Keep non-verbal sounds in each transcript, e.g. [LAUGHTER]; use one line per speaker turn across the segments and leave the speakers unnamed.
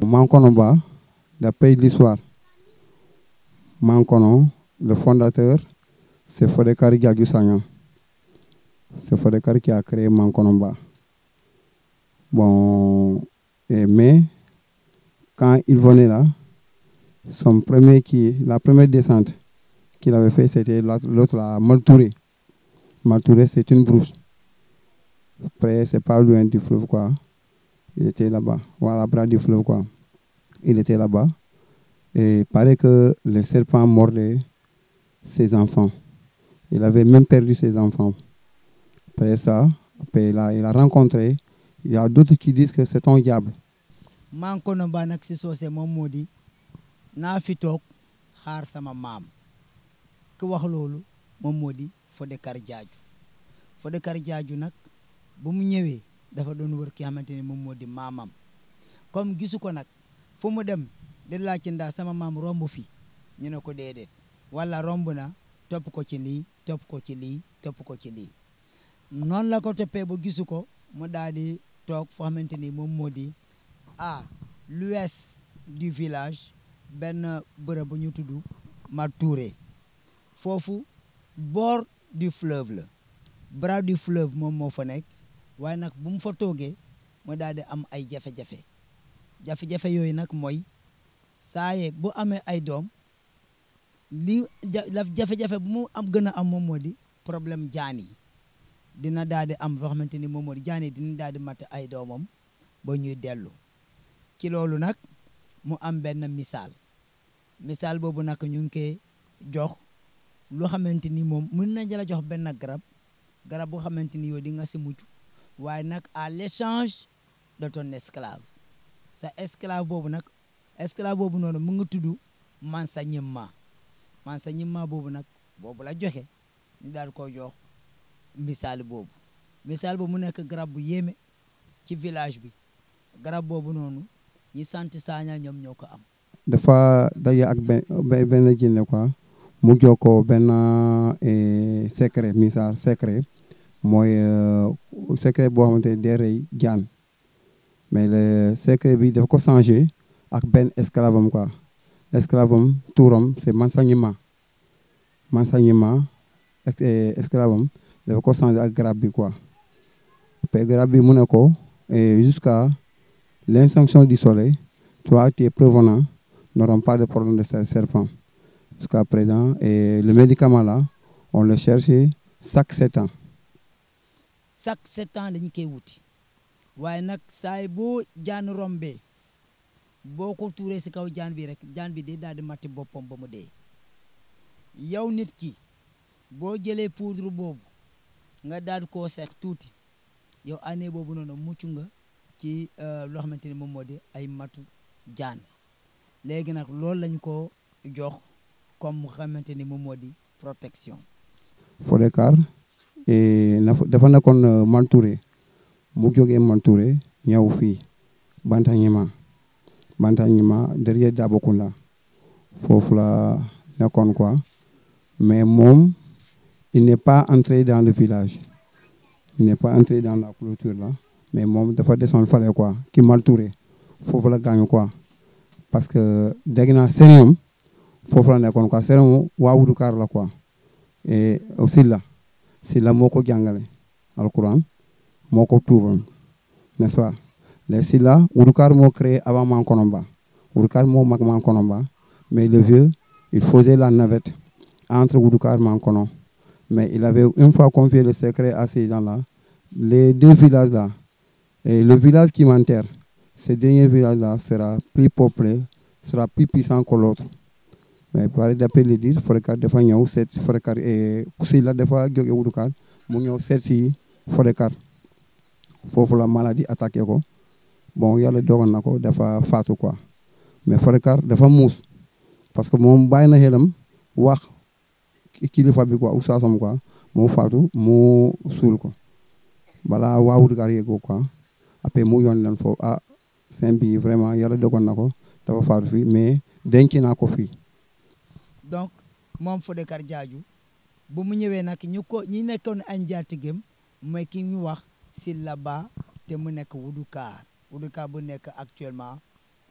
Mankonomba la pays de l'histoire mankono le fondateur c'est Fodekar Gagu c'est Fodekar qui a créé Mankonomba bon et, mais quand il venait là son premier qui la première descente qu'il avait fait c'était l'autre la Maltouré Maltouré c'est une brousse après, c'est pas loin du fleuve, quoi. Il était là-bas. Voilà, bras du fleuve, quoi. Il était là-bas. Et il paraît que le serpent mordait ses enfants. Il avait même perdu ses enfants. Après ça, après il, a, il a rencontré. Il y a d'autres qui disent que c'est un diable.
man ko no ba nag si soose moom moo di naa fi toog que sama maam ki wax loolu moom moo di Fodékar Diadhiou Fodékar Diadhiou nag bu mu ñëwee dafa doon wër ki xamante ne moom moo di maamam comme gisu ko nag fu mu dem di laaj ci ndaa sama maam romb fi ñu ne ko déedéet wala romb na topp ko ci lii topp ko ci lii topp ko ci lii noonu la ko toppee ba gisu ko mu daal toog foo xamante ni moom moo di à luwees di village benn bërëb bu ñu tudd Matouré foofu bord di fleuve la bras du fleuve moom moo fa nekk waaye nag bu mu fa toogee mu daal di am ay jafe-jafe jafe yooyu nag mooy saaye bu amee ay doom li jafe-jafe bu mu am gën a am moom moo di problème jaan dina daal di am loo xamante ni moom moo di jaan yi dina daal di mat ay doomam ba ñuy dellu ci loolu nag mu am benn misaal misaal boobu nag ñu ngi koy jox loo xamante ni moom mën nañ la jox benn garab garab boo xamante ni yow di nga si mucc waaye nag à l'échange de ton esclave sa esclave boobu nag esclave boobu noonu mu ngi tudd mansañima mansañima boobu nag boobu la joxe ñu daal ko jox misaal boobu misaal boobu mu nekk garab bu yéeme ci village bi garab boobu noonu ñi sant saaña ñoom ñoo ko am
dafa daje ak benn benn jinne quoi mu jox ko benn eh, secret misaal secret mooy euh, secret boo xamante ne day rey mais le secret bi dafa ko changé ak benn esclave am quoi esclave am tuuram c' est Mansagnima Mansagnima ak eh, esclave am ko ak quoi bi mu eh, jusqu'à l'insomption du soleil toi tu es prévenant n'auront pas de problème de serpent jusqu'à présent et eh, le médicament là on le cherchait chaque sept ans
chaque sept ans lañ koy wuti waaye nag saay boo jaan rombee boo ko tuuree si kaw jaan bii rek jaan bi day daal di matti boppam ba mu dee yow nit ki boo jëlee poudre boobu nga daal koo seex tuuti yow année boobu noonu mucc nga ci euh, loo xamante ni moom moo di ay matu jaan léegi nag loolu lañ ko jox comme xamante ni moom moo di protection
Fodekar et dafa nekkoon euh, Mantouré mu jógee Mantouré ñëw fii Bantagniema Bantagniema derrière Dabokunda foofu la nekkoon quoi mais moom il n'est pas entré dans le village il n'est pas entré dans la clôture là mais moom dafa desoon fale quoi ki Mantouré foofu la gaañu quoi parce que dégg naa sëriñam foofu la nekkoon quoi sëriñam waa Wudukaar la quoi et aussi la c'est la ko jàngale alquran moo moko n'est-ce pas les là, Ouroukar m'a créé avant Mankonomba m'a créé avant Mankonomba mais le vieux il faisait la navette entre et Mankono mais il avait une fois confié le secret à ces gens-là les deux villages là et le village qui m'enterre ce dernier village là sera plus peuplé sera plus puissant que l'autre mais par d'appelledit Fodé-Car dafa ñëw seet si Fodé-Car eh, si la dafa jóge wutukaar mu ñëw seet si Fodé-Car foofu la maladie attaqué ko bon yàlla dogal na ko dafa faatu ko mais Fodé-Car dafa muus parce que moom bàyyi na xelam wax kilifa bi quoi oustazam quoi moo faatu mu suul ko balaa waa wutukaar yeggoo quoi après mu yoon leen foofu ah sëñ bi vraiment yàlla dogal na ko dafa faatu fii mais denc naa ko fii
donc moom Fodékar Diadiou bu mu ñëwee nag ñu ko ñi nekkoon ay njaatigéem mooy ki ñu wax Silla Ba te mu nekk Wudukaar Wudukaar bu nekk actuellement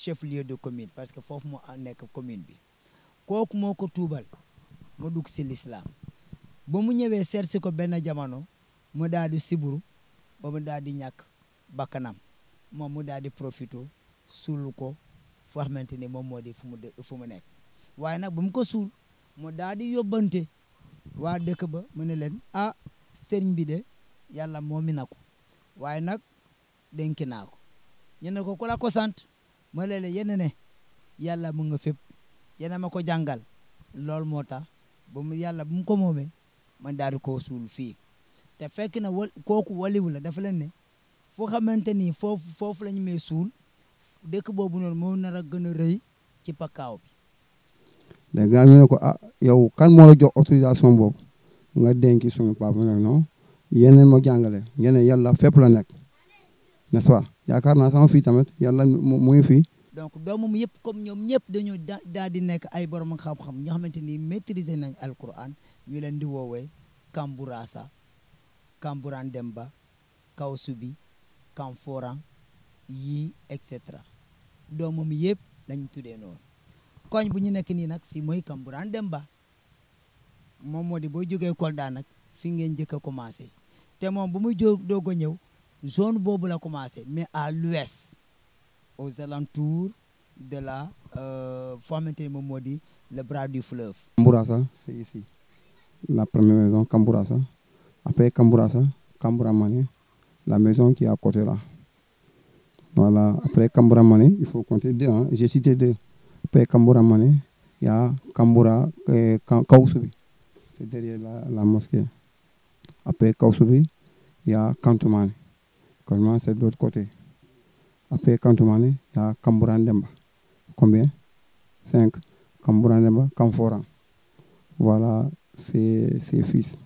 chef lieu de commune parce que foofu mu nekk commune bi kooku moo ko tuubal mu dugg si l'islam ba mu ñëwee seet si ko benn jamono mu daal di siburu ba mu daal di ñàkk bakkanam moom mu daal di profité suul ko foo xamante ni moom moo di fu fu mu nekk waaye nag ba mu ko suul mu daal di yóbbante waa dëkk ba mu ne leen ah sëriñ bi de yàlla mi na ko waaye nag dénki naa ko ñu ne ko ku la ko sant ma leen yéen ne yàlla mu nga fépp yéen ma ko jàngal lool moo tax ba mu yàlla bu mu ko moomee man daal di koo suul fii te fekk na wal kooku waliwu la dafa leen ne fu xamante ni foofu foofu la ñu may suul dëkk boobu noonu moo nar a gën a rëy ci pakkaaw bi
léegi gars bi ne ko a ah, yow kan moo la jox autorisation boobu nga denki suñu papa nag non yeneen ma jàngale yeneen yàlla fépp la nekk nest yaakaar naa sama fii tamit yàlla mu ngi fii.
donc doomam yëpp comme ñoom ñëpp dañu daal di nekk ay borom xam-xam ñoo xamante ni maîtriser nañ alquran ñu leen di woowee Kamburasa Kamburan Demba Kawsubi Kamforan yi et cetera doomam yëpp lañ tuddee noonu. koñ bu ñu nekk nii nag fii mooy Kamburaan dem ba moom moo di boo jógee Kolda nag fi ngeen njëkk a commencé te moom bu muy jóg doog a ñëw zone boobu la commencé mais à l'ouest aux alentours de la euh, foo xamante ni moom moo di le bras du fleuve.
Kamburasa c'est ici la première maison Kamburasa après Kamburasa Kamburamane la maison qui est à côté là voilà après Kamburamane il faut compter deux hein j'ai cité deux. Après Kambouramane, Mané, il y a Kambura Kausubi, c'est derrière la, mosquée. Après Kausubi, il y a Kantumane. Kantumane, c'est de l'autre côté. Après Kantumane, il y a Kambura Combien 5. Kambura Ndemba, Kamfora. Voilà ses, ses fils.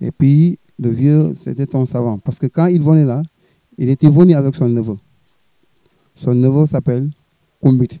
Et puis, le vieux, c'était ton savant. Parce que quand il venait là, il était venu avec son neveu. Son neveu s'appelle Kumbit.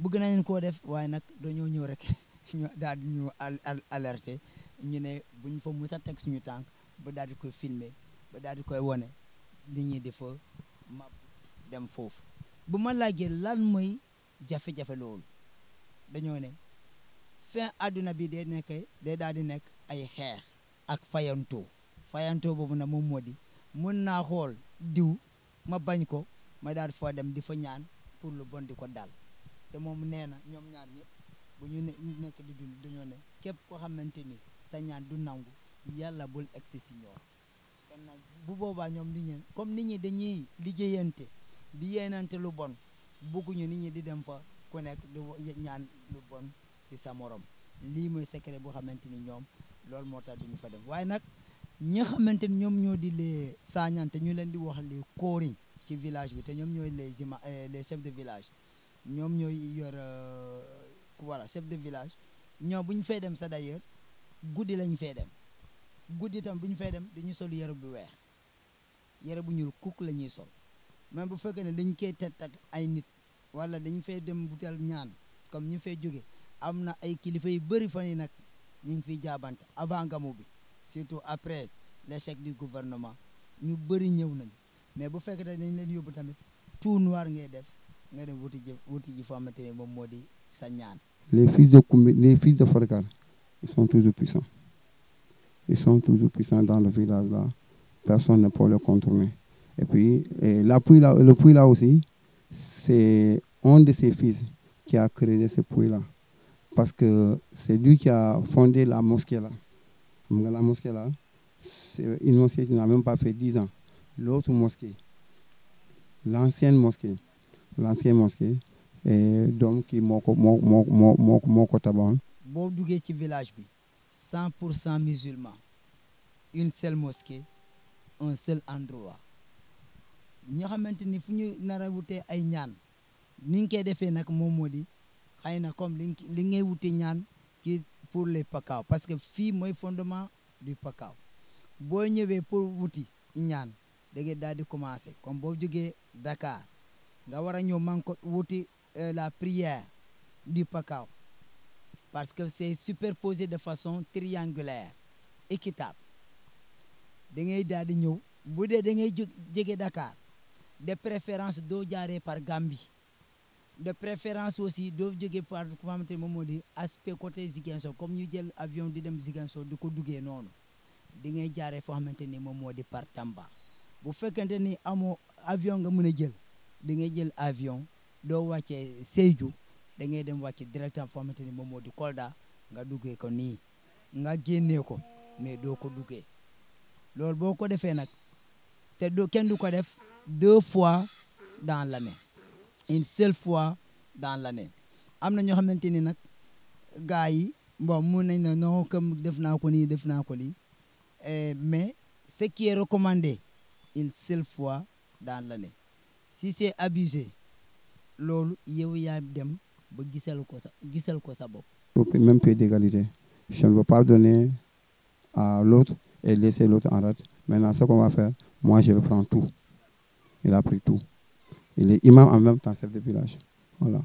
bëgg nañ leen koo def waaye nag dañoo ñëw rek [LAUGHS] ñu daal di ñu ñu ne buñ fa musa a teg suñu tànk bu daal di koy filmer ba daal di koy wone nit ñi di fa mab dem foofu bu ma laajee lan mooy jafe-jafe loolu dañoo ne fin àdduna bi day nekk day daal di nekk ay xeex ak fayantoo fayantoo boobu nag moom moo di mën naa xool diw ma bañ ko ma daal di foo dem di fa ñaan pour lu bon di ko dal te moom nee na ñoom ñaan ñëpp bu ñu ne nekk di dund dañoo ne képp koo xamante ni sa ñaan du nangu yàlla bul egsi si ñoom nag bu boobaa ñoom nit ñi comme nit ñi dañuy liggéeyante di yéenante lu bon bëgguñu ni ñu di dem fa ku nekk du ñaan lu bon si sa morom lii mooy secret boo xamante ni ñoom loolu moo tax duñu fa dem waaye nag ñi xamante ni ñoom ñoo di les saañante ñu leen di wax les kóoriñ ci village bi te ñoom ñoo les eh, les chefs de village ñoom ñooy yor euh, voilà chef de village ñoom bu ñu fay dem sa d'ailleurs guddi lañ fay dem guddi tam bu ñu fay dem dañuy sol yére bu weex yere bu ñuul kuk la ñuy sol même bu fekkee ne dañ koy tet ak ay nit wala dañ fay dem butal ñaan comme ñu fay jóge am na ay kilifa yu bëri fan yi nag ñu ngi fiy jaabante avant gamu bi surtout après l'échec du gouvernement ñu bëri ñëw nañ mais bu fekkee dañ leen yóbbu tamit tout nuwaar ngay def
les fils de les fils de ils sont toujours puissants ils sont toujours puissants dans le village là personne ne peut le contrôler et puis le puits là aussi c'est un de ses fils qui a créé ce puits là parce que c'est lui qui a fondé la mosquée là la mosquée là c'est une mosquée qui n'a même pas fait dix ans l'autre mosquée l'ancienne mosquée l'ancienne mosquée et donc qui moko moko moko moko moo moo ko
tabaxoon ci village bi 100% musulman musulmans une seule mosquée un seul endroit ñi xamanteni fu ñu nar a ay ñaan ni ngi koy défé nak moom moo di comme li ngay wuti ñaan kii pour les pakaw parce que fi moy fondement du pakaw bo ñëwé pour wuti ñaan da ngay daal di commencer comme boo jógee Dakar nga war a ñëw man euh, la prière du Pakao parce que c'est superposé de façon triangulaire équitable da ngay daal di ñëw bu dee da ngay Dakar de préférence doo jaaree par Gambie de préférence aussi doo jóge par le Momodi aspect côté Ziguinchor comme ñu jël avion di dem de di ko duggee noonu di ngay jaaree foo xamante ni par Tamba bu fekkente ni amoo avion nga mën a jël da ngay jël avion doo wàccee Sédhiou da ngay dem wàcce directement foo xamante ni moom moo di Kolda nga duggee ko nii nga génnee ko mais doo ko duggee loolu boo ko defee nag te doo kenn du ko def deux fois dans l'année une seule fois dans ne am na ñoo xamante ni nag gars yi bon mun nañ ne non comme def naa ko nii def naa ko lii eh, mais ce qui est recommandé une seule fois la ne si c'est abusé l'ol yow ya dem ba gisal ko sa gisal ko sa bop
même pas d'égalité je ne veux pas donner à l'autre et laisser l'autre en rade maintenant ce qu'on va faire moi je vais prendre tout il a pris tout il est imam en même temps chef de village voilà.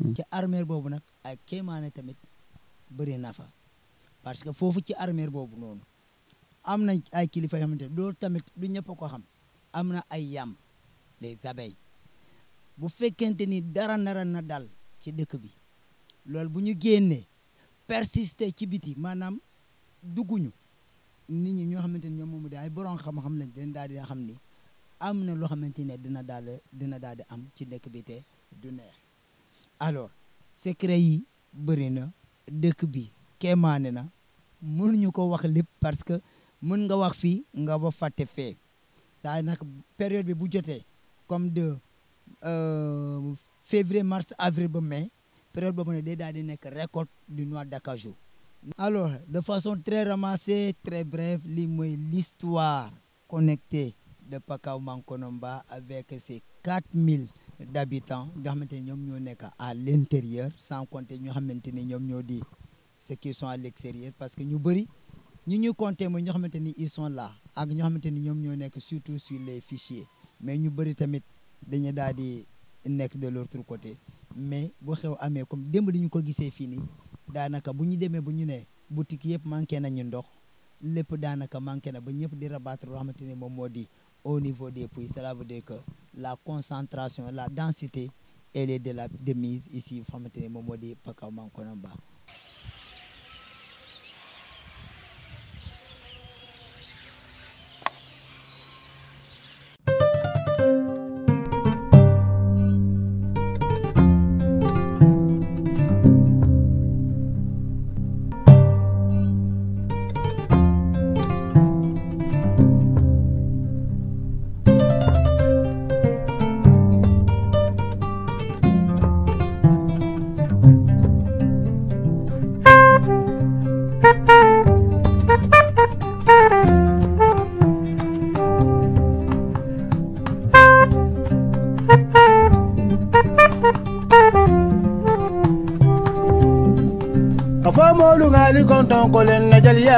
Hmm. ci
armeel bobu nak ay kéemaane tamit bari nafa parce que fofu ci armeel bobu non qui ay kilifa yoo xamante loolu tamit du ñëpp ko xam amna ay yam. des abeilles bu fekkente ni dara nara na dal ci dëkk bi loolu bu ñu génnee persister ci biti maanaam dugguñu nit ñi ñoo xamante ni ñoom moomu ay borom xam-xam lañ dañ daal di xam ni am na loo xamante ne dina daal dina daal di am ci dëkk bi te du neex alors secret yi bëri na dëkk bi kéemaane na mënuñu ko wax lépp parce que mën nga wax fi nga ba fàtte fee daa nag période bi bu jotee comme de euh, février mars avril mai période où on récolte du noir d'acajou alors de façon très ramassée très brève l'histoire connectée de Pakao Mankonomba avec ses 4000 habitants, nous à l'intérieur sans compter ceux qui sont à l'extérieur parce que nous, bëri ñu nous compter nous ñoo ils sont là ak surtout sur les fichiers mais ñu bëri tamit dañu daal di nekk de l'autre côté mais bu xew amee comme démb li ñu ko gisee fii nii daanaka bu ñu demee bu ñu ne boutique yëpp manqué nañu ndox lépp daanaka manqué na ba ñëpp di rabattre loo xamante ni moom moo di au niveau des puits cela veut dire que la concentration la densité elle est de la de mise ici foo xamante ni moom moo di Pakao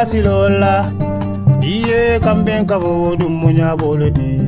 silola iye kamben kabo dum munya bolodi